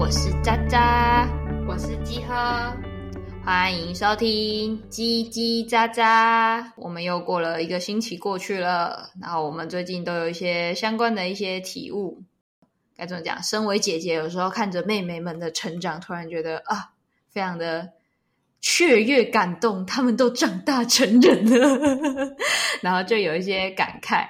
我是渣渣，我是雞喝，歡迎收聽嘰嘰喳喳。我們又過了一個星期過去了，然後我們最近都有一些相關的一些體悟。該怎麼講？身為姐姐，有時候看着妹妹們的成長，突然覺得啊，非常的雀躍感動。她們都長大成人了， 然後就有一些感慨。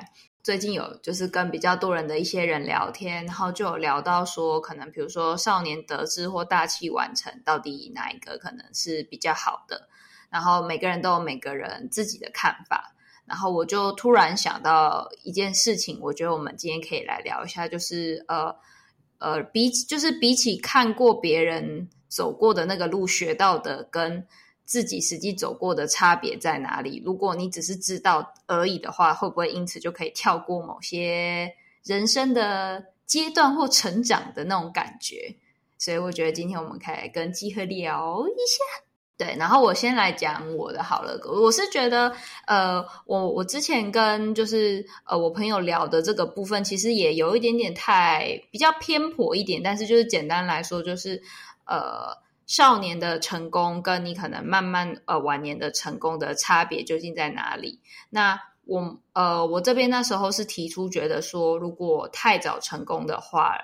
最近有就是跟比較多人的一些人聊天，然後就有聊到說，可能比如說少年得志或大器晚成，到底哪一個可能是比較好的？然後每個人都有每個人自己的看法。然後我就突然想到一件事情，我覺得我們今天可以來聊一下，就是呃呃，比就是比起看過別人走過的那個路學到的跟。自己實際走過的差別在哪裡？如果你只是知道而已的話，會不會因此就可以跳過某些人生的階段或成長的那種感覺？所以我覺得今天我們可以跟基和聊一下。對，然後我先來講我的好了。我是覺得，呃，我我之前跟就是呃我朋友聊的這個部分，其實也有一點點太比較偏頗一點，但是就是簡單來說，就是呃。少年的成功跟你可能慢慢呃晚年的成功的差別究竟在哪裡？那我呃我這邊那時候是提出覺得說，如果太早成功的話，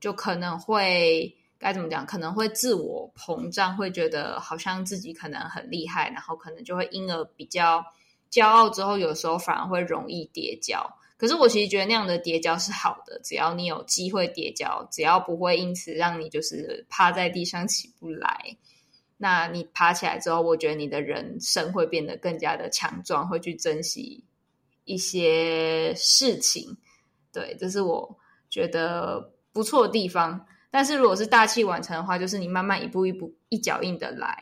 就可能會該怎麼講？可能會自我膨脹，會覺得好像自己可能很厲害，然後可能就會因而比較驕傲，之後有時候反而會容易跌跤。可是我其實覺得那樣的跌跤是好的，只要你有機會跌跤，只要不會因此讓你就是趴在地上起不來，那你爬起來之後，我覺得你的人生會變得更加的強壯，會去珍惜一些事情。對，這是我覺得不錯的地方。但是如果是大器晚成的話，就是你慢慢一步一步一腳印的來，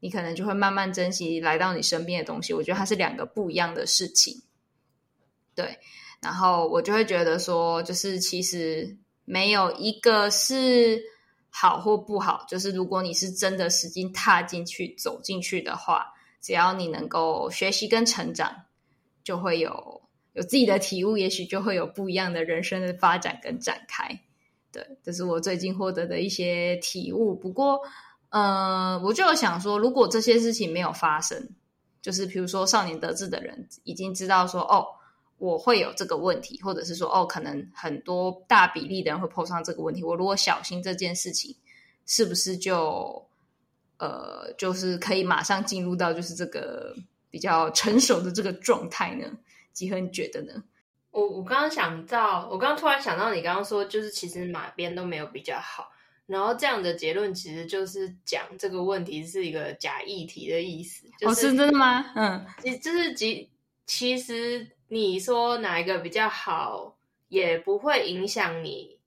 你可能就會慢慢珍惜來到你身邊的東西。我覺得它是兩個不一樣的事情，對。然後我就會覺得說，就是其實沒有一個是好或不好，就是如果你是真的使勁踏進去、走進去的話，只要你能夠學習跟成長，就會有有自己的體悟，也許就會有不一樣的人生的發展跟展開。對，這是我最近獲得的一些體悟。不過，嗯、呃，我就想說，如果這些事情沒有發生，就是比如說少年得志的人已經知道說，哦。我會有這個問題，或者是說，哦，可能很多大比例的人會碰上這個問題。我如果小心這件事情，是不是就呃，就是可以馬上進入到就是這個比較成熟的這個狀態呢？吉分你覺得呢？我我剛剛想到，我剛剛突然想到你剛剛說，就是其實哪邊，都沒有比較好，然後這樣的結論其實就是講這個問題是一個假議題的意思，就是、哦，是真的嗎？嗯，你就是其實。你說哪一個比較好，也不會影響你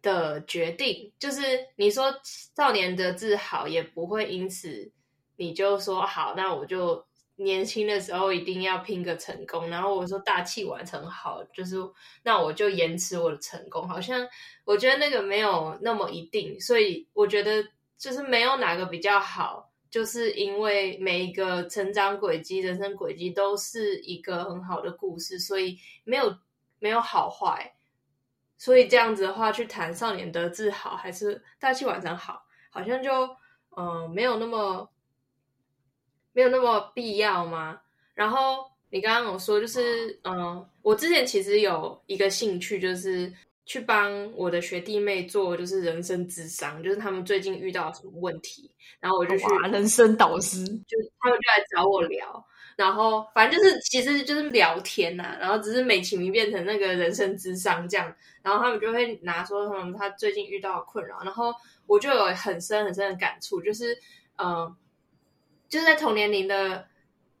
的決定。就是你說少年得志好，也不會因此你就說好，那我就年輕的時候一定要拼個成功。然後我說大器晚成好，就是那我就延遲我的成功。好像我覺得那個沒有那麼一定，所以我覺得就是沒有哪個比較好。就是因為每一個成長軌跡、人生軌跡都是一個很好的故事，所以沒有沒有好壞，所以這樣子的話去談少年得志好還是大器晚成好，好像就嗯、呃、沒有那麼沒有那麼必要嗎？然後你剛剛有說，就是嗯、呃，我之前其實有一個興趣就是。去幫我的學弟妹做，就是人生諮商，就是他們最近遇到什麼問題，然後我就去人生導師，就是、他們就來找我聊，然後反正就是其實就是聊天吶、啊，然後只是美其名變成那個人生諮商這樣，然後他們就會拿說什麼他最近遇到的困擾，然後我就有很深很深的感觸，就是嗯、呃，就是在同年齡的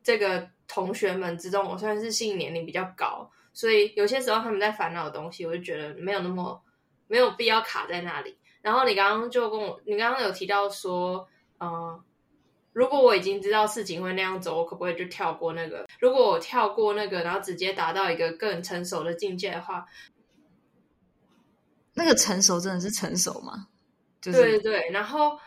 這個同學們之中，我算是性年齡比較高。所以有些時候他們在煩惱的東西，我就覺得沒有那麼沒有必要卡在那裡。然後你剛剛就跟我，你剛剛有提到說，嗯、呃，如果我已經知道事情會那樣走，我可不可以就跳過那個？如果我跳過那個，然後直接達到一個更成熟的境界的話，那個成熟真的是成熟嗎？對、就是、對對。然後，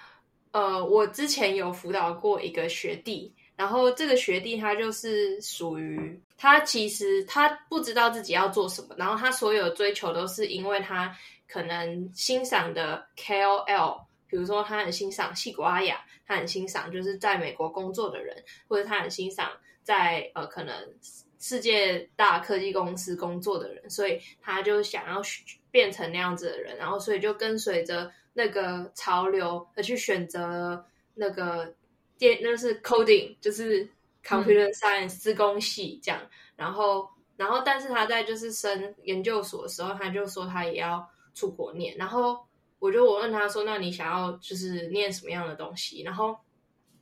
呃，我之前有輔導過一個學弟，然後這個學弟他就是屬於。他其實他不知道自己要做什麼，然後他所有的追求都是因為他可能欣賞的 KOL，比如說他很欣賞矽谷阿雅，他很欣賞就是在美國工作的人，或者他很欣賞在呃可能世界大科技公司工作的人，所以他就想要變成那樣子的人，然後所以就跟隨着那個潮流而去選擇那個電，那是 coding，就是。Computer Science，資工、嗯、系這樣，然後，然後，但是他在就是升研究所的時候，他就說他也要出國念。然後，我就我問他說：“那你想要就是念什麼樣的東西？”然後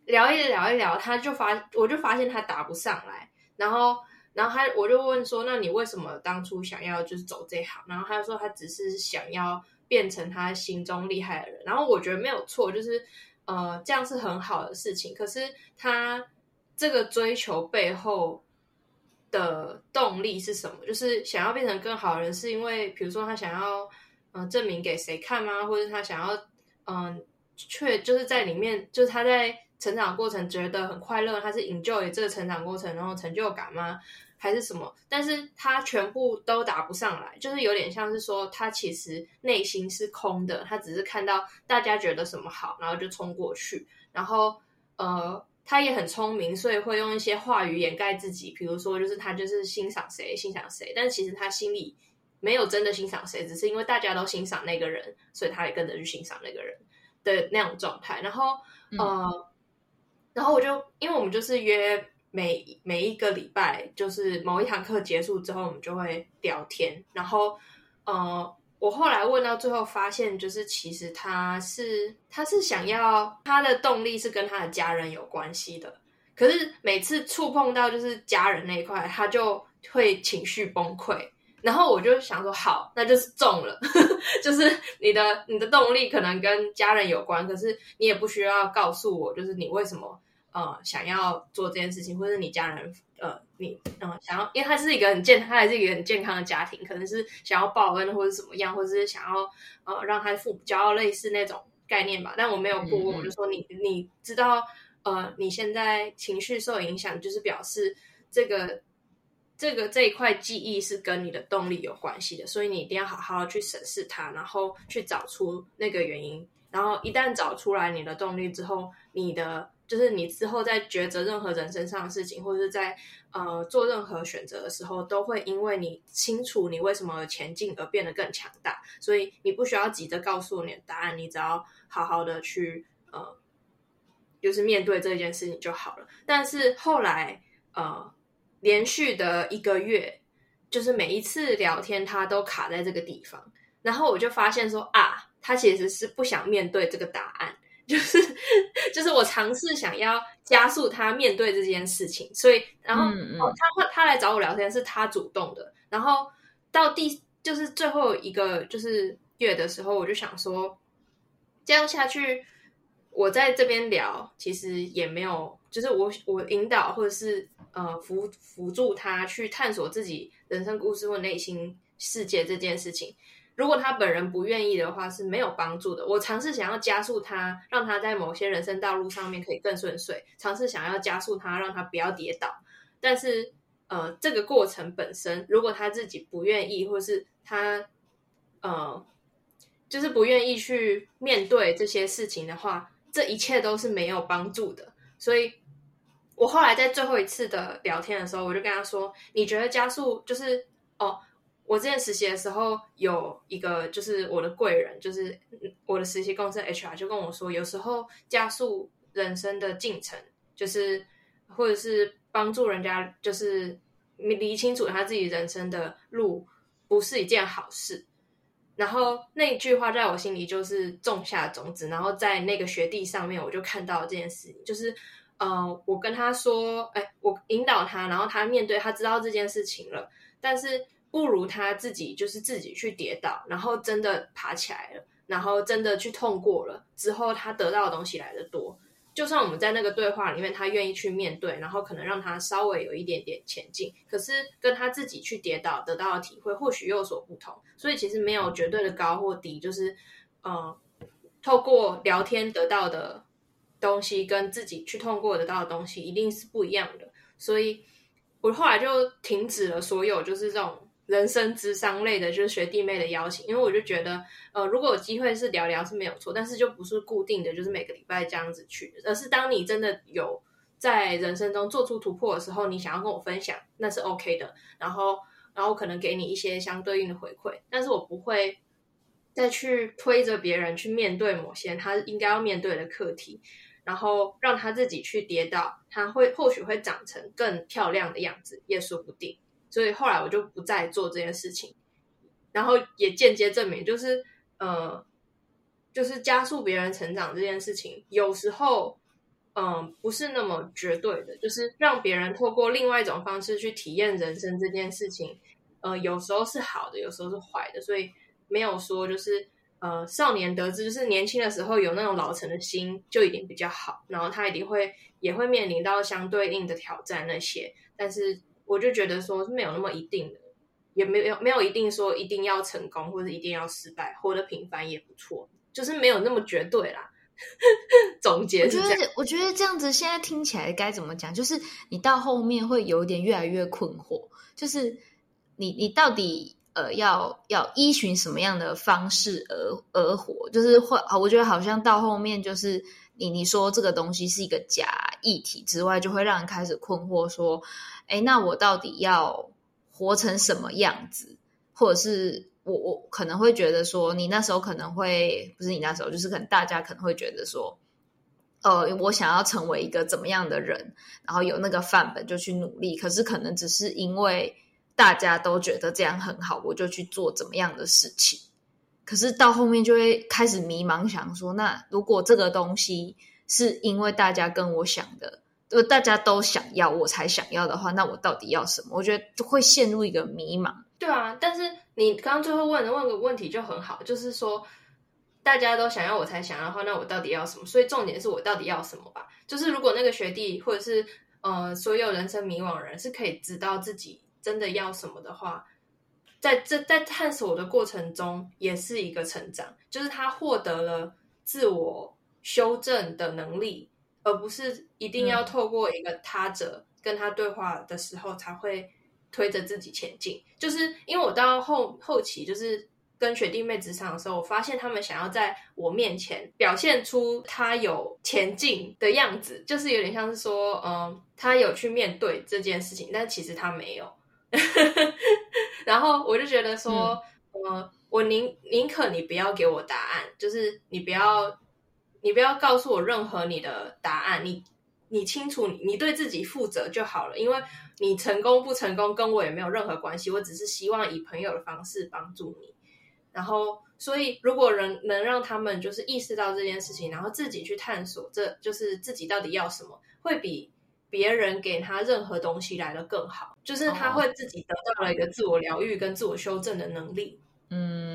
聊一聊一聊，他就發，我就發現他答不上來。然後，然後他我就問說：“那你為什麼當初想要就是走這行？”然後他就說：“他只是想要變成他心中厲害的人。”然後我覺得沒有錯，就是呃，這樣是很好的事情。可是他。這個追求背後的動力是什麼？就是想要變成更好的人，是因為比如說他想要嗯、呃、證明給誰看嗎？或者他想要嗯、呃、卻就是在裡面，就是他在成長過程覺得很快樂，他是營救 j 這個成長過程，然後成就感嗎？還是什麼？但是他全部都答不上來，就是有點像是說他其實內心是空的，他只是看到大家覺得什麼好，然後就衝過去，然後呃。他也很聰明，所以會用一些話語掩蓋自己。比如說，就是他就是欣賞誰欣賞誰，但其實他心裡沒有真的欣賞誰，只是因為大家都欣賞那個人，所以他也跟着去欣賞那個人的那種狀態。然後，嗯、呃，然後我就因為我們就是約每每一個禮拜，就是某一堂課結束之後，我們就會聊天。然後，呃。我後來問到最後，發現就是其實他是他是想要他的動力是跟他的家人有關係的，可是每次觸碰到就是家人那一塊，他就會情緒崩潰。然後我就想說，好，那就是中了，呵呵，就是你的你的動力可能跟家人有關，可是你也不需要告訴我，就是你為什麼。呃，想要做這件事情，或是你家人，呃，你嗯、呃，想要，因為他是一個很健，他還是一個很健康的家庭，可能是想要報恩或者怎麼樣，或者是想要呃，讓他父母驕傲，類似那種概念吧。但我沒有過問，我就說你，你知道，呃，你現在情緒受影響，就是表示這個這個這一塊記憶是跟你的動力有關係的，所以你一定要好好去審視它，然後去找出那個原因。然後一旦找出來你的動力之後，你的。就是你之後在抉擇任何人身上的事情，或者是在呃做任何選擇的時候，都會因為你清楚你為什麼前進而變得更強大，所以你不需要急着告訴你的答案，你只要好好的去呃，就是面對這件事情就好了。但是後來呃連續的一個月，就是每一次聊天，他都卡在這個地方，然後我就發現說啊，他其實是不想面對這個答案。就是就是我嘗試想要加速他面對這件事情，所以，然後，嗯嗯，然後他他來找我聊天是他主動的，然後到第就是最後一個就是月的時候，我就想說，這樣下去我在這邊聊其實也沒有，就是我我引導或者是呃輔輔助他去探索自己人生故事或內心世界這件事情。如果他本人不願意的話，是沒有幫助的。我嘗試想要加速他，讓他在某些人生道路上面可以更順遂；嘗試想要加速他，讓他不要跌倒。但是，呃，這個過程本身，如果他自己不願意，或是他，呃，就是不願意去面對這些事情的話，這一切都是沒有幫助的。所以我後來在最後一次的聊天的時候，我就跟他說：“你覺得加速就是，哦？”我之前實習的時候，有一個就是我的貴人，就是我的實習公司 HR 就跟我說，有時候加速人生的進程，就是或者是幫助人家，就是理清楚他自己人生的路，不是一件好事。然後那句話在我心裡就是種下種子，然後在那個學弟上面，我就看到了這件事情，就是呃，我跟他說，哎，我引導他，然後他面對，他知道這件事情了，但是。不如他自己就是自己去跌倒，然後真的爬起來了，然後真的去痛過了之後，他得到的東西來得多。就算我們在那個對話裡面，他願意去面對，然後可能讓他稍微有一點點前進，可是跟他自己去跌倒得到的體會，或許有所不同。所以其實沒有絕對的高或低，就是呃，透過聊天得到的東西跟自己去痛過得到的東西一定是不一樣的。所以我後來就停止了所有就是這種。人生諮商類的，就是學弟妹的邀請，因為我就覺得，呃，如果有機會是聊聊是沒有錯，但是就不是固定的就是每個禮拜這樣子去，而是當你真的有在人生中做出突破的時候，你想要跟我分享，那是 OK 的，然後，然後我可能給你一些相對應的回饋，但是我不會再去推着別人去面對某些他應該要面對的課題，然後讓他自己去跌倒，他會或許會長成更漂亮的樣子，也說不定。所以後來我就不再做這件事情，然後也間接證明，就是呃，就是加速別人成長這件事情，有時候嗯，呃，不是那麼絕對的，就是讓別人透過另外一種方式去體驗人生這件事情，呃，有時候是好的，有時候是壞的，所以沒有說就是呃少年得志，就是年輕的時候有那種老成的心就一定比較好，然後他一定會也會面臨到相對應的挑戰那些，但是。我就覺得說沒有那麼一定的，也沒有沒有一定說一定要成功，或者一定要失敗，活得平凡也不錯，就是沒有那麼絕對啦。 總結，我覺得我覺得這樣子現在聽起來該怎麼講？就是你到後面會有點越來越困惑，就是你你到底呃要要依循什麼樣的方式而而活？就是會我覺得好像到後面就是你你說這個東西是一個假。議題之外，就會讓人開始困惑，說：“誒，那我到底要活成什麼樣子？”或者是我我可能會覺得說，你那時候可能會，不是你那時候，就是可能大家可能會覺得說：“呃，我想要成為一個怎麼樣的人，然後有那個範本就去努力。”可是可能只是因為大家都覺得這樣很好，我就去做怎麼樣的事情。可是到後面就會開始迷茫，想說：“那如果這個東西……”是因為大家跟我想的，呃，大家都想要，我才想要的話，那我到底要什麼？我覺得就會陷入一個迷茫。對啊，但是你剛剛最後問的問個問題就很好，就是說大家都想要，我才想要的話，那我到底要什麼？所以重點是我到底要什麼吧？就是如果那個學弟或者是呃，所有人生迷惘人是可以知道自己真的要什麼的話，在這在探索的過程中也是一個成長，就是他獲得了自我。修正的能力，而不是一定要透過一個他者跟他對話的時候才會推着自己前進。嗯。就是因為我到後後期，就是跟學弟妹職場的時候，我發現他們想要在我面前表現出他有前進的樣子，就是有點像是說，嗯、呃，他有去面對這件事情，但其實他沒有。 然後我就覺得說，嗯、呃，我寧寧可你不要給我答案，就是你不要。你不要告訴我任何你的答案，你你清楚，你對自己負責就好了，因為你成功不成功跟我也沒有任何關係，我只是希望以朋友的方式幫助你。然後，所以如果人能讓他們就是意識到這件事情，然後自己去探索這，這就是自己到底要什麼，會比別人給他任何東西來得更好，就是他會自己得到了一個自我療癒跟自我修正的能力。哦。嗯。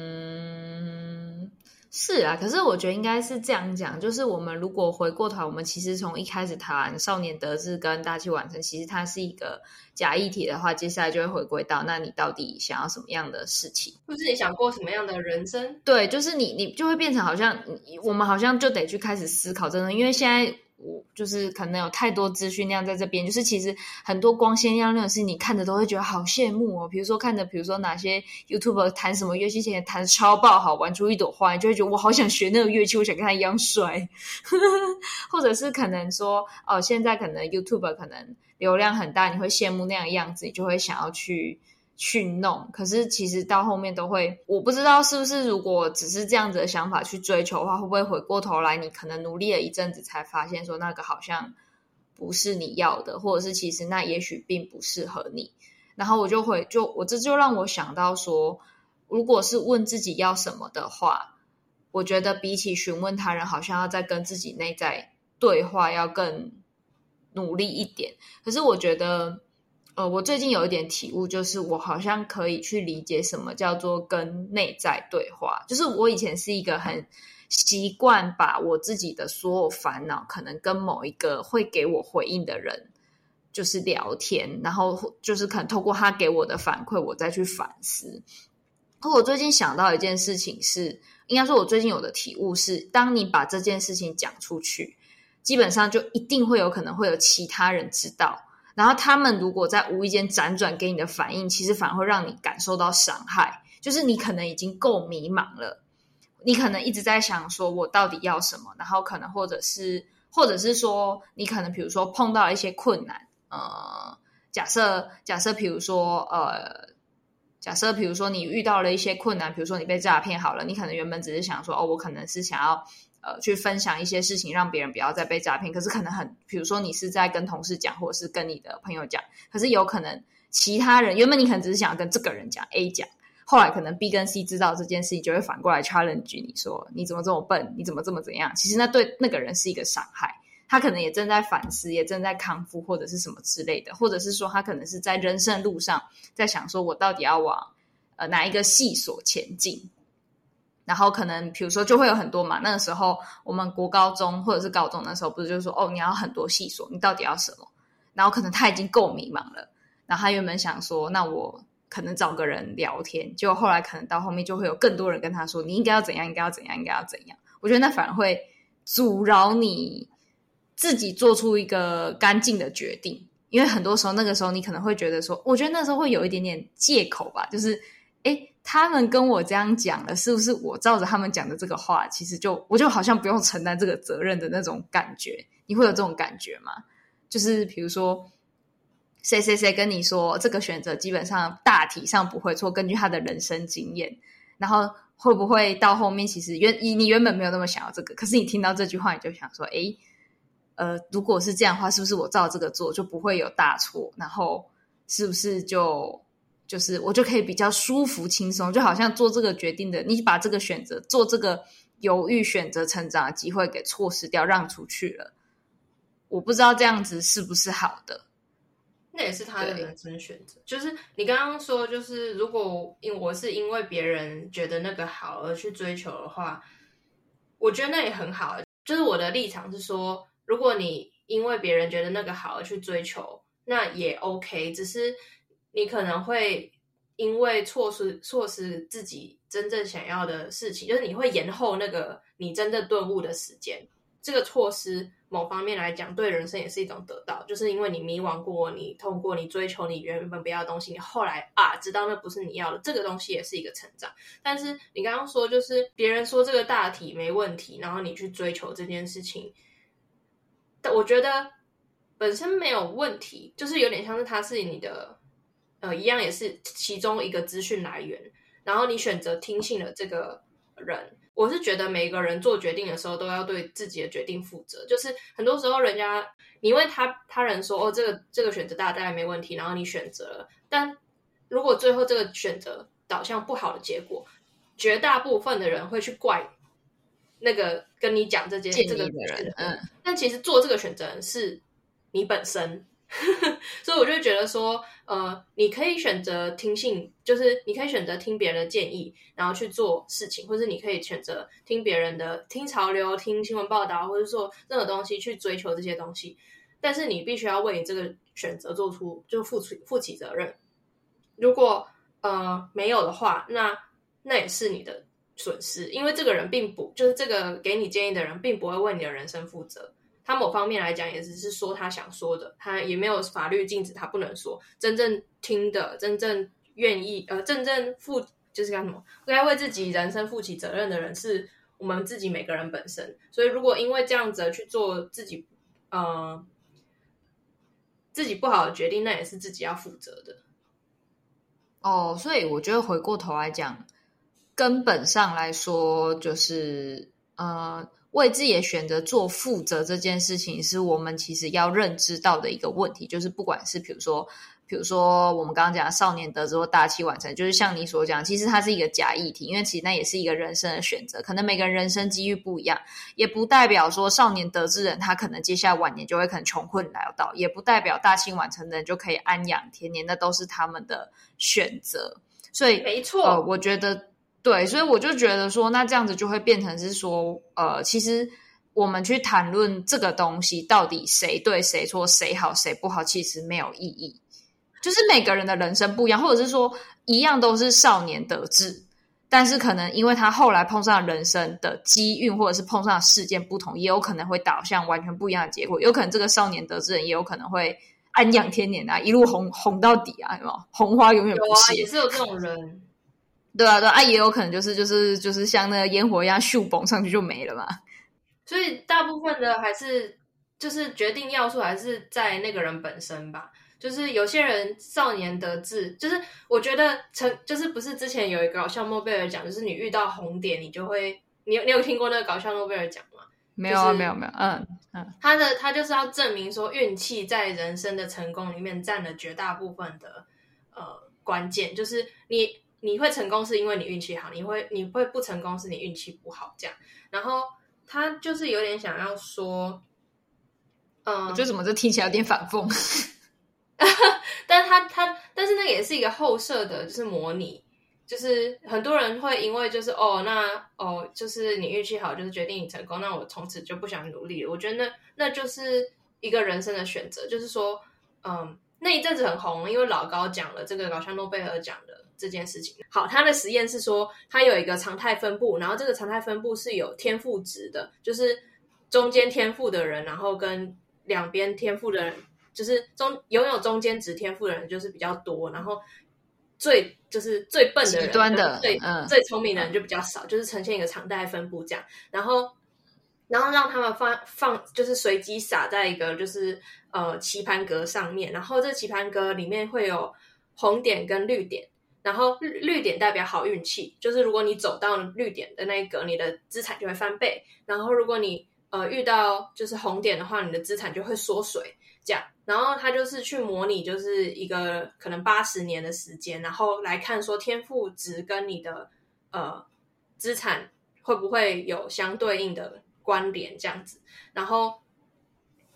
是啊，可是我覺得應該是這樣講，就是我們如果回過頭，我們其實從一開始談少年得志跟大器晚成，其實它是一個假議題的話，接下來就會回歸到，那你到底想要什麼樣的事情，或者是你想過什麼樣的人生？對，就是你，你就會變成好像，我們好像就得去開始思考，真的，因為現在。我就是可能有太多資訊量在這邊，就是其實很多光鮮亮麗的事，你看着都會覺得好羨慕哦。比如說看着，比如說哪些 YouTuber 彈什麼樂器，彈的超爆好，玩出一朵花，你就會覺得我好想學那個樂器，我想跟他一樣帥。 或者是可能說哦，現在可能 YouTuber 可能流量很大，你會羨慕那樣的樣子，你就會想要去。去弄，可是其實到後面都會，我不知道是不是如果只是這樣子的想法去追求的話，會不會回過頭來，你可能努力了一陣子，才發現說那個好像不是你要的，或者是其實那也許並不適合你。然後我就會，就我這就讓我想到說，如果是問自己要什麼的話，我覺得比起詢問他人，好像要再跟自己內在對話要更努力一點。可是我覺得。呃，我最近有一點體悟，就是我好像可以去理解什麼叫做跟內在對話。就是我以前是一個很習慣把我自己的所有煩惱，可能跟某一個會給我回應的人，就是聊天，然後就是可能透過他給我的反饋，我再去反思。可我最近想到一件事情是，應該說，我最近有的體悟是，當你把這件事情講出去，基本上就一定會有可能會有其他人知道。然後他們如果在無意間輾轉給你的反應，其實反而會讓你感受到傷害。就是你可能已經夠迷茫了，你可能一直在想說，我到底要什麼？然後可能或者是或者是說，你可能比如說碰到一些困難，嗯、呃、假設假設比如說呃，假設比如說你遇到了一些困難，比如說你被詐騙好了，你可能原本只是想說，哦，我可能是想要。呃，去分享一些事情，讓別人不要再被詐騙。可是可能很，比如說你是在跟同事講，或者是跟你的朋友講，可是有可能其他人，原本你可能只是想要跟這個人講 A 講，後來可能 B 跟 C 知道這件事情，就會反過來 challenge 你說，你怎麼這麼笨，你怎麼這麼怎樣？其實那對那個人是一個傷害，他可能也正在反思，也正在康復或者是什麼之類的，或者是說他可能是在人生路上在想說，我到底要往呃哪一個細所前進。然後可能，比如說，就會有很多嘛。那個時候，我們國高中或者是高中那時候，不是就說，哦，你要很多細數，你到底要什麼？然後可能他已經夠迷茫了。然後他原本想說，那我可能找個人聊天。就後來可能到後面，就會有更多人跟他說，你應該要怎樣，應該要怎樣，應該要怎樣。我覺得那反而會阻撓你自己做出一個乾淨的決定，因為很多時候那個時候，你可能會覺得說，我覺得那時候會有一點點借口吧，就是，哎。他們跟我這樣講的，是不是我照着他們講的這個話，其實就，我就好像不用承擔這個責任的那種感覺？你會有這種感覺嗎？就是比如說，誰誰誰跟你說這個選擇基本上大體上不會錯，根據他的人生經驗，然後會不會到後面其實原你原本沒有那麼想要這個，可是你聽到這句話，你就想說，哎，呃，如果是這樣的話，是不是我照這個做就不會有大錯？然後是不是就？就是我就可以比較舒服輕鬆，就好像做這個決定的你，把這個選擇做這個猶豫選擇成長的機會給錯失掉，讓出去了。我不知道這樣子是不是好的。那也是他的人生選擇。就是你剛剛說，就是如果因我是因為別人覺得那個好而去追求的話，我覺得那也很好。就是我的立場是說，如果你因為別人覺得那個好而去追求，那也 OK，只是。你可能會因為錯失錯失自己真正想要的事情，就是你會延後那個你真正頓悟的時間。這個錯失某方面來講，對人生也是一種得到，就是因為你迷惘過，你通過你追求你原本不要的東西，你後來啊知道那不是你要的，這個東西也是一個成長。但是你剛剛說，就是別人說這個大體沒問題，然後你去追求這件事情，但我覺得本身沒有問題，就是有點像是他是你的。呃，一樣也是其中一個資訊來源。然後你選擇聽信了這個人，我是覺得每一個人做決定的時候都要對自己的決定負責。就是很多時候，人家你問他他人說：“哦，這個這個選擇大大概沒問題。”然後你選擇了，但如果最後這個選擇導向不好的結果，絕大部分的人會去怪那個跟你講這件事情的人、這個。嗯。但其實做這個選擇是你本身， 所以我就覺得說。呃，你可以選擇聽信，就是你可以選擇聽別人的建議，然後去做事情，或是你可以選擇聽別人的，聽潮流、聽新聞報道，或者說任何東西去追求這些東西。但是你必須要為你這個選擇做出就付出負起責任。如果呃沒有的話，那那也是你的損失，因為這個人並不，就是這個給你建議的人，並不會為你的人生負責。他某方面來講，也只是說他想說的，他也沒有法律禁止他不能說。真正聽的，真正願意，呃，真正負就是幹什麼？應該為自己人生負起責任的人，是我們自己每個人本身。所以，如果因為這樣子去做自己，嗯、呃，自己不好的決定，那也是自己要負責的。哦，所以我覺得回過頭來講，根本上來說，就是嗯。呃為自己選擇做負責這件事情，是我們其實要認知到的一個問題。就是不管是比如說，比如說我們剛剛講少年得志或大器晚成，就是像你所講，其實它是一個假議題，因為其實那也是一個人生的選擇。可能每個人人生機遇不一樣，也不代表說少年得志的人他可能接下來晚年就會可能窮困潦倒，也不代表大器晚成的人就可以安養天年。那都是他們的選擇。所以，沒錯、呃，我覺得。對，所以我就覺得說，那這樣子就會變成是說，呃，其實我們去談論這個東西，到底誰對誰錯，誰好誰不好，其實沒有意義。就是每個人的人生不一樣，或者是說一樣都是少年得志，但是可能因為他後來碰上人生的機運或者是碰上事件不同，也有可能會導向完全不一樣的結果。有可能這個少年得志人也有可能會安養天年啊，一路紅紅到底啊，有沒有？紅花永遠不謝，有啊，也是有這種人。對啊，對啊，啊，也有可能就是就是就是像那個煙火一樣咻蹦上去就沒了嘛。所以大部分的還是就是決定要素還是在那個人本身吧。就是有些人少年得志，就是我覺得成，就是不是之前有一個搞笑諾貝爾獎，就是你遇到紅點，你就會你你有，你有聽過那個搞笑諾貝爾獎嗎？沒有、啊就是、沒有、啊、沒有、啊，嗯嗯，他的他就是要證明說運氣在人生的成功裡面佔了絕大部分的呃關鍵，就是你你會成功是因為你運氣好，你會你會不成功是你運氣不好，這樣。然後他就是有點想要說，嗯，這怎麼這聽起來有點反諷 但他他，但是那也是一個後設的，就是模擬，就是很多人會因為就是哦，那哦，就是你運氣好，就是決定你成功，那我從此就不想努力了。我覺得那那就是一個人生的選擇，就是說，嗯，那一陣子很紅，因為老高講了這個，搞笑諾貝爾獎。這件事情好，他的實驗是說，他有一個常態分布，然後這個常態分布是有天賦值的，就是中間天賦的人，然後跟兩邊天賦的人，就是中擁有中間值天賦的人就是比較多，然後最就是最笨的人端的最、嗯、最聰明的人就比較少，就是呈現一個常態分布這樣。然後，然後讓他們放放，就是隨機撒在一個就是呃棋盤格上面，然後這棋盤格裡面會有紅點跟綠點。然後綠綠點代表好運氣，就是如果你走到綠點的那一格，你的資產就會翻倍。然後如果你呃遇到就是紅點的話，你的資產就會縮水。這樣，然後他就是去模擬，就是一個可能八十年的時間，然後來看說天賦值跟你的呃資產會不會有相對應的關聯這樣子。然後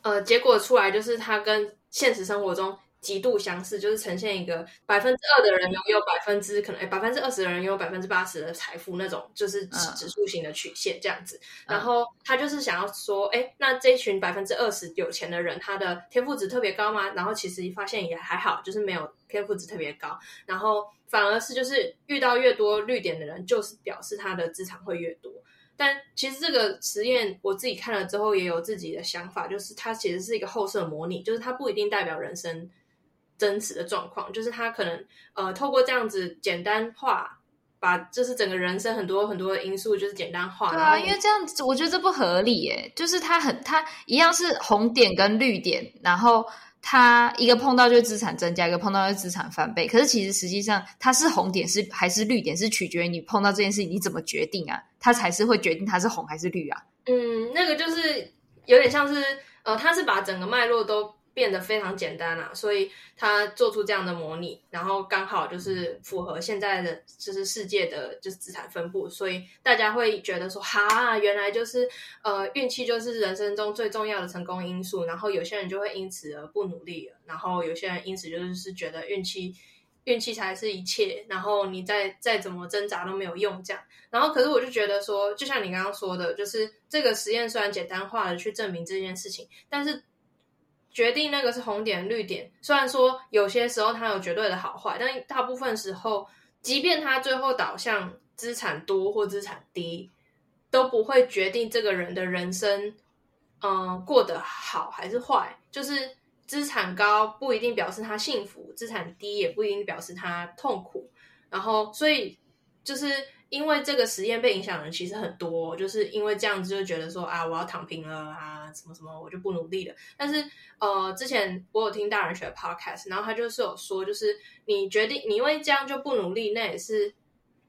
呃結果出來就是他跟現實生活中。極度相似，就是呈現一個百分之二的人擁有百分之可能，哎、欸，百分之二十的人擁有百分之八十的財富那種，就是指指數型的曲線、嗯、這樣子。然後他就是想要說，哎、欸，那這群百分之二十有錢的人，他的天賦值特別高嗎？然後其實發現也還好，就是沒有天賦值特別高。然後反而是就是遇到越多綠點的人，就是表示他的資產會越多。但其實這個實驗我自己看了之後，也有自己的想法，就是它其實是一個後設模擬，就是它不一定代表人生。真實的狀況就是，他可能呃，透過這樣子簡單化，把就是整個人生很多很多的因素就是簡單化。對啊，因為這樣子我覺得這不合理耶，就是它很它，一樣是紅點跟綠點，然後它一個碰到就資產增加，一個碰到就資產翻倍。可是其實實際上它是紅點是還是綠點是取決於你碰到這件事情你怎麼決定啊？它才是會決定它是紅還是綠啊。嗯，那個就是有點像是呃，它是把整個脈絡都。變得非常簡單啦，所以他做出這樣的模擬，然後剛好就是符合現在的就是世界的就是資產分布，所以大家會覺得說，哈，原來就是呃運氣就是人生中最重要的成功因素，然後有些人就會因此而不努力了，然後有些人因此就是覺得運氣運氣才是一切，然後你再再怎麼掙扎都沒有用這樣，然後可是我就覺得說，就像你剛剛說的，就是這個實驗雖然簡單化的去證明這件事情，但是。決定那個是紅點綠點，雖然說有些時候它有絕對的好壞，但大部分時候，即便它最後導向資產多或資產低，都不會決定這個人的人生，嗯、呃，過得好還是壞。就是資產高不一定表示他幸福，資產低也不一定表示他痛苦。然後，所以。就是因為這個實驗被影響的人其實很多，就是因為這樣子就覺得說啊，我要躺平了啊，什麼什麼，我就不努力了。但是呃，之前我有聽大人學的 podcast，然後他就是有說，就是你決定你因為這樣就不努力，那也是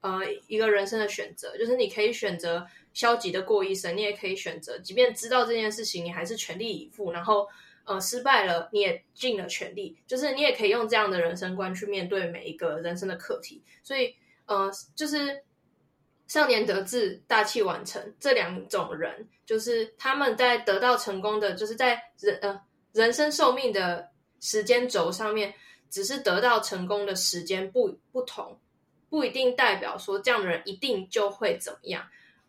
呃一個人生的選擇。就是你可以選擇消極的過一生，你也可以選擇即便知道這件事情，你還是全力以赴。然後呃，失敗了你也盡了全力，就是你也可以用這樣的人生觀去面對每一個人生的課題。所以。呃，就是少年得志、大器晚成這兩種人，就是他們在得到成功的，就是在人呃人生壽命的時間軸上面，只是得到成功的時間不不同，不一定代表說這樣的人一定就會怎麼樣。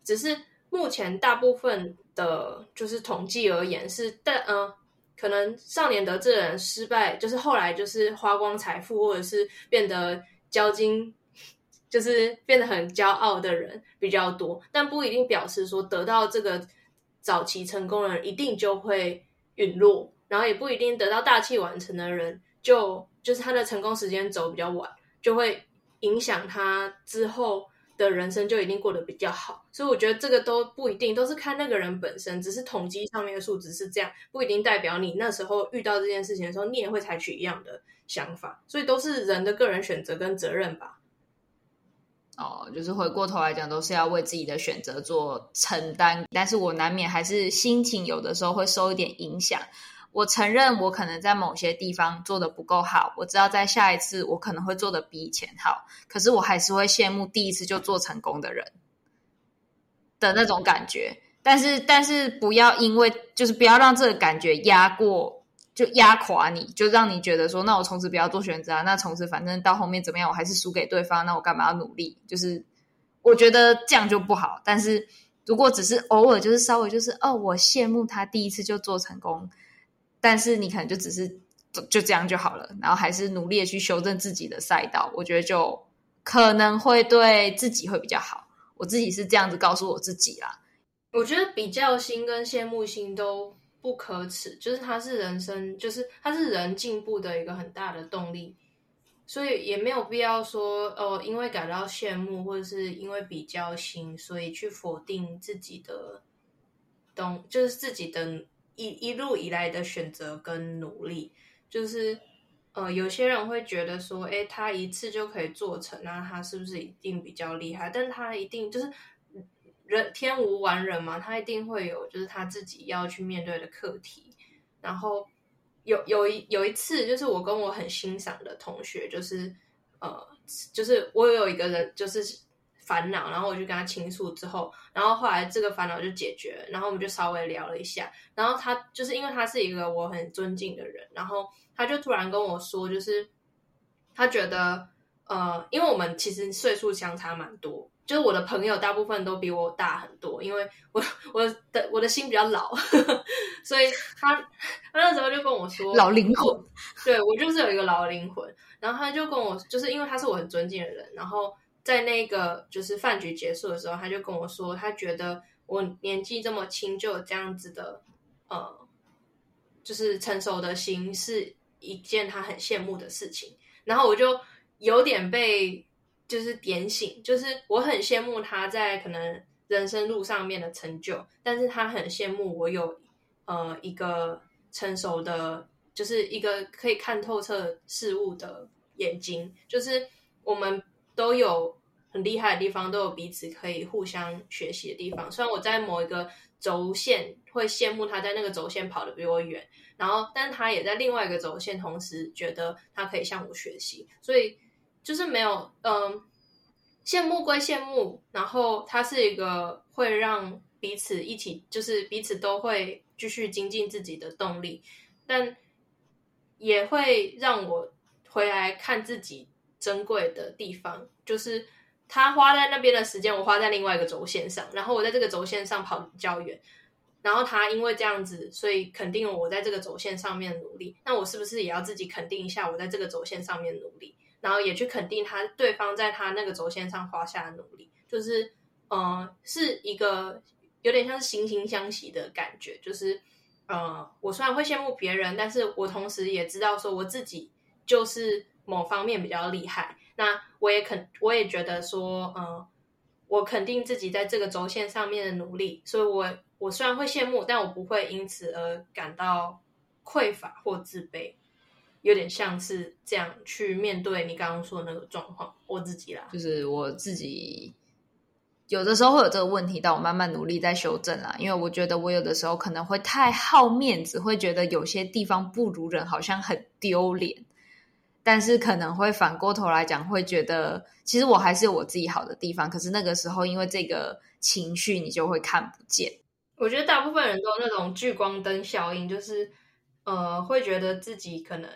只是目前大部分的，就是統計而言是，但嗯、呃，可能少年得志的人失敗，就是後來就是花光財富，或者是變得驕矜。就是變得很驕傲的人比較多，但不一定表示說得到這個早期成功的人一定就會隕落，然後也不一定得到大器晚成的人就就是他的成功時間走比較晚，就會影響他之後的人生就一定過得比較好。所以我覺得這個都不一定，都是看那個人本身，只是統計上面的數值是這樣，不一定代表你那時候遇到這件事情的時候，你也會採取一樣的想法。所以都是人的個人選擇跟責任吧。哦，就是回過頭來講，都是要為自己的選擇做承擔，但是我難免還是心情有的時候會受一點影響。我承認我可能在某些地方做得不夠好，我知道在下一次我可能會做得比以前好，可是我還是會羨慕第一次就做成功的人的那種感覺。但是，但是不要因為，就是不要讓這個感覺壓過。就壓垮你，就讓你覺得說，那我從此不要做選擇啊，那從此反正到後面怎麼樣，我還是輸給對方，那我干嘛要努力？就是我覺得這樣就不好。但是如果只是偶爾，就是稍微，就是哦，我羨慕他第一次就做成功，但是你可能就只是就，就這樣就好了，然後還是努力的去修正自己的賽道，我覺得就可能會對自己會比較好。我自己是這樣子告訴我自己啦，我覺得比較心跟羨慕心都不可恥，就是他是人生，就是他是人進步的一個很大的動力，所以也沒有必要說，哦、呃，因為感到羨慕或者是因為比較心，所以去否定自己的東，就是自己的一一路以來的選擇跟努力，就是，呃，有些人會覺得說，誒、欸，他一次就可以做成那、啊、他是不是一定比較厲害？但他一定就是。人天無完人嘛，他一定會有就是他自己要去面對的課題。然後有有一有一次，就是我跟我很欣賞的同學，就是呃，就是我有一個人就是煩惱，然後我就跟他傾訴之後，然後後來這個煩惱就解決了，然後我們就稍微聊了一下。然後他就是因為他是一個我很尊敬的人，然後他就突然跟我說，就是他覺得呃，因為我們其實歲數相差蠻多。就是我的朋友大部分都比我大很多，因為我我的我的心比較老，呵呵，所以他他那時候就跟我說老靈魂，對我就是有一個老靈魂。然後他就跟我就是因為他是我很尊敬的人，然後在那個就是飯局結束的時候，他就跟我說，他覺得我年紀這麼輕就有這樣子的呃，就是成熟的心是一件他很羨慕的事情。然後我就有點被。就是點醒，就是我很羨慕他在可能人生路上面的成就，但是他很羨慕我有呃一個成熟的，就是一個可以看透徹事物的眼睛。就是我們都有很厲害的地方，都有彼此可以互相學習的地方。雖然我在某一個軸線會羨慕他在那個軸線跑得比我遠，然後，但他也在另外一個軸線，同時覺得他可以向我學習，所以，就是沒有，嗯，羨慕歸羨慕，然後他是一個會讓彼此一起，就是彼此都會繼續精進自己的動力，但也會讓我回來看自己珍貴的地方。就是他花在那邊的時間，我花在另外一個軸線上，然後我在這個軸線上跑比較遠，然後他因為這樣子，所以肯定我在這個軸線上面努力。那我是不是也要自己肯定一下，我在這個軸線上面努力？然後也去肯定他對方在他那個軸線上花下的努力，就是，呃，是一個有點像是惺惺相惜的感覺。就是，呃，我雖然會羨慕別人，但是我同時也知道說我自己就是某方面比較厲害。那我也肯，我也覺得說，呃，我肯定自己在這個軸線上面的努力。所以我，我我雖然會羨慕，但我不會因此而感到匱乏或自卑。有點像是這樣去面對你剛剛說的那個狀況，我自己啦，就是我自己有的時候會有這個問題，但我慢慢努力在修正啦。因為我覺得我有的時候可能會太好面子，只會覺得有些地方不如人，好像很丟臉。但是可能會反過頭來講，會覺得其實我還是我自己好的地方。可是那個時候，因為這個情緒，你就會看不見。我覺得大部分人都那種聚光燈效應，就是呃，會覺得自己可能。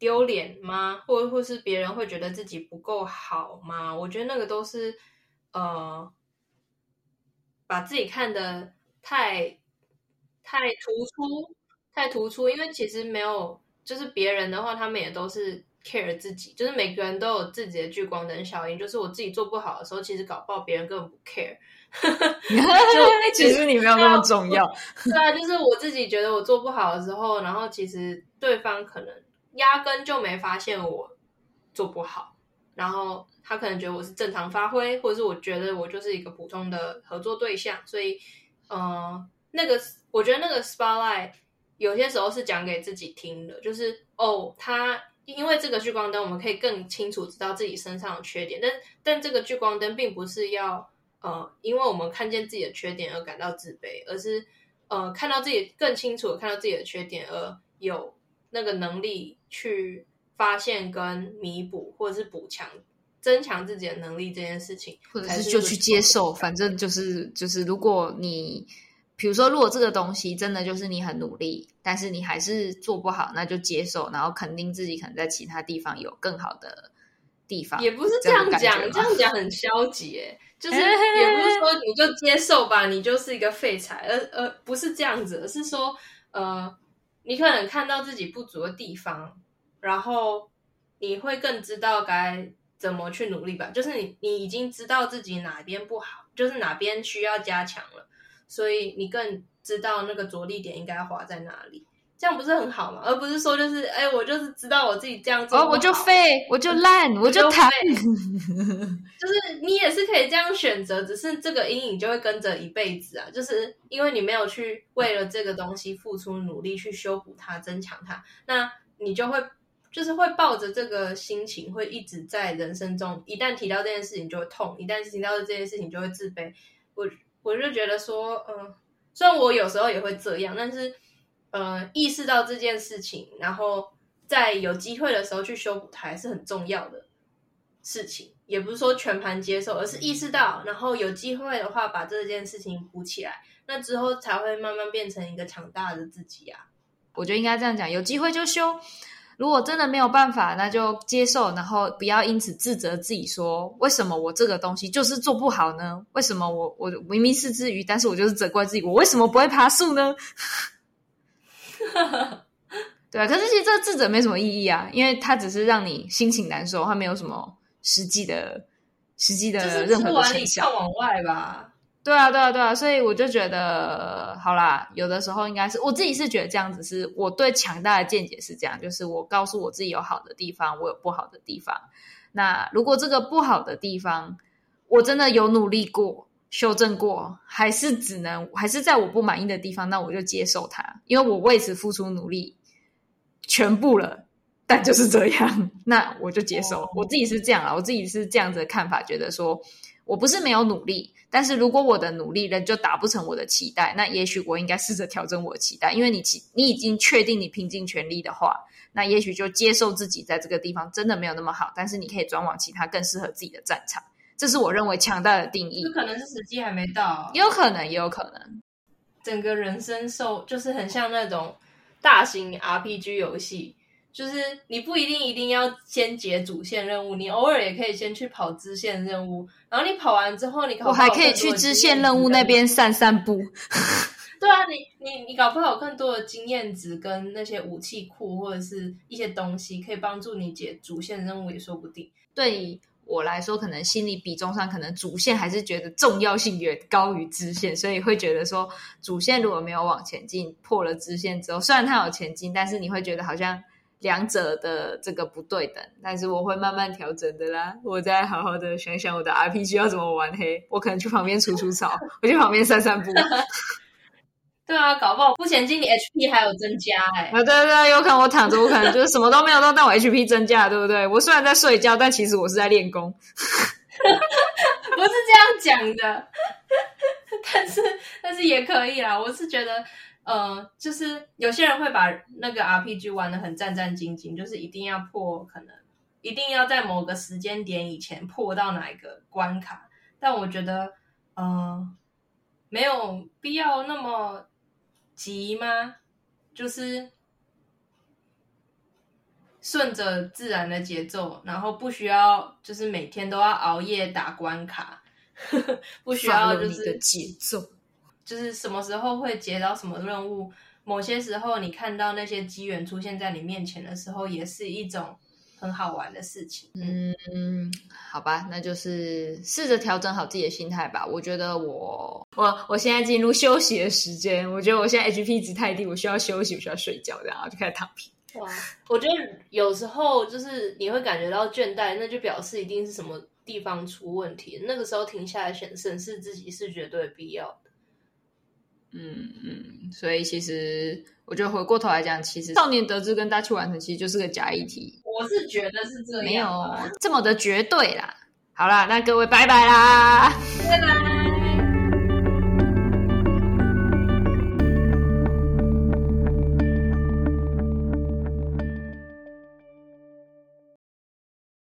丟臉嗎？或者，或是別人會覺得自己不夠好嗎？我覺得那個都是呃，把自己看得太太突出，太突出。因為其實沒有，就是別人的話，他們也都是 care 自己。就是每個人都有自己的聚光燈效應。就是我自己做不好的時候，其實搞不好別人根本不 care。 就， 就其實你沒有那麼重要。 對啊，就是我自己覺得我做不好的時候，然後其實對方可能。壓根就沒發現我做不好，然後他可能覺得我是正常發揮，或者是我覺得我就是一個普通的合作對象，所以，呃，那個我覺得那個 spotlight 有些時候是講給自己聽的，就是哦，他因為這個聚光燈，我們可以更清楚知道自己身上的缺點，但但這個聚光燈並不是要呃，因為我們看見自己的缺點而感到自卑，而是呃，看到自己更清楚的看到自己的缺點而有。那個能力去發現跟彌補，或者是補強、增強自己的能力這件事情，或者是就去接受，反正就是就是，如果你比如說，如果這個東西真的就是你很努力，但是你還是做不好，那就接受，然後肯定自己可能在其他地方有更好的地方。也不是這樣講，這，這樣講很消極，就是也不是說你就接受吧，你就是一個廢材。而而不是這樣子，而是說呃。你可能看到自己不足的地方，然後你會更知道該怎麼去努力吧。就是你，你已經知道自己哪邊不好，就是哪邊需要加強了，所以你更知道那個着力點應該花在哪裡。這樣不是很好嗎？而不是說就是，哎、欸，我就是知道我自己這樣子哦，我就廢，我就爛，我就談，就是你也是可以這樣選擇，只是這個陰影就會跟着一輩子啊。就是因為你沒有去為了這個東西付出努力去修補它、增強它，那你就會就是會抱着這個心情，會一直在人生中，一旦提到這件事情就會痛，一旦提到的這件事情就會自卑。我我就覺得說，嗯、呃，雖然我有時候也會這樣，但是。呃，意識到這件事情，然後在有機會的時候去修補它是很重要的事情。也不是說全盤接受，而是意識到，然後有機會的話，把這件事情補起來，那之後才會慢慢變成一個強大的自己啊。我覺得應該這樣講：有機會就修，如果真的沒有辦法，那就接受，然後不要因此自責自己說，說為什麼我這個東西就是做不好呢？為什麼我我明明是隻魚，但是我就是責怪自己，我為什麼不會爬樹呢？ 對啊，可是其實這個智者沒什麼意義啊，因為他只是讓你心情難受，他沒有什麼實際的、實際的任何成效。看往外吧，對啊，對啊，對啊，所以我就覺得，好啦，有的時候應該是我自己是覺得這樣子是，是我對強大的見解是這樣，就是我告訴我自己有好的地方，我有不好的地方。那如果這個不好的地方，我真的有努力過。修正過，還是只能還是在我不滿意的地方，那我就接受它，因為我為此付出努力全部了，但就是這樣，那我就接受。我自己是這樣啊，我自己是這樣子的看法，覺得說我不是沒有努力，但是如果我的努力仍舊達不成我的期待，那也許我應該試着調整我的期待，因為你你已經確定你拼盡全力的話，那也許就接受自己在這個地方真的沒有那麼好，但是你可以轉往其他更適合自己的戰場。這是我認為強大的定義，可能是時機還沒到啊，也有可能，也有可能。整個人生受就是很像那種大型 RPG 遊戲，就是你不一定一定要先解主線任務，你偶爾也可以先去跑支線任務，然後你跑完之後，你搞不好我還可以去支線任務那邊散散步。 對啊，你你你搞不好更多的經驗值跟那些武器庫或者是一些東西，可以幫助你解主線任務也說不定。對。我來說，可能心理比重上，可能主線還是覺得重要性遠高於支線，所以會覺得說，主線如果沒有往前進，破了支線之後，雖然它有前進，但是你會覺得好像兩者的這個不對等。但是我會慢慢調整的啦，我再好好的想想我的 RPG 要怎麼玩黑，我可能去旁邊除除草， 我去旁邊散散步。 對啊，搞不好目前經理 HP 還有增加哎！啊，對對，對，有可能我躺着，我可能就是什麼都沒有做， 但我 HP 增加，對不對？我雖然在睡覺，但其實我是在練功。 不是這樣講的，但是但是也可以啦。我是覺得，呃，就是有些人會把那個 RPG 玩得很戰戰兢兢，就是一定要破，可能一定要在某個時間點以前破到哪一個關卡。但我覺得，嗯、呃，沒有必要那麼。急嗎？就是順着自然的節奏，然後，不需要就是每天都要熬夜打關卡，呵呵，不需要，就是節奏，就是什麼時候會接到什麼任務。某些時候，你看到那些機緣出現在你面前的時候，也是一種。很好玩的事情嗯，嗯，好吧，那就是試着調整好自己的心態吧。我覺得我我我現在進入休息的時間，我覺得我現在 HP 值太低，我需要休息，我需要睡覺，然後就開始躺平。哇，我覺得有時候就是你會感覺到倦怠，那就表示一定是什麼地方出問題。那個時候停下來審審視自己是絕對必要的。嗯嗯，所以其實我覺得回過頭來講，其實少年得志跟大器晚成其實就是個假議題。我是覺得是這樣，沒有這麼的絕對啦。好啦，那各位拜拜啦，拜拜。再見啦。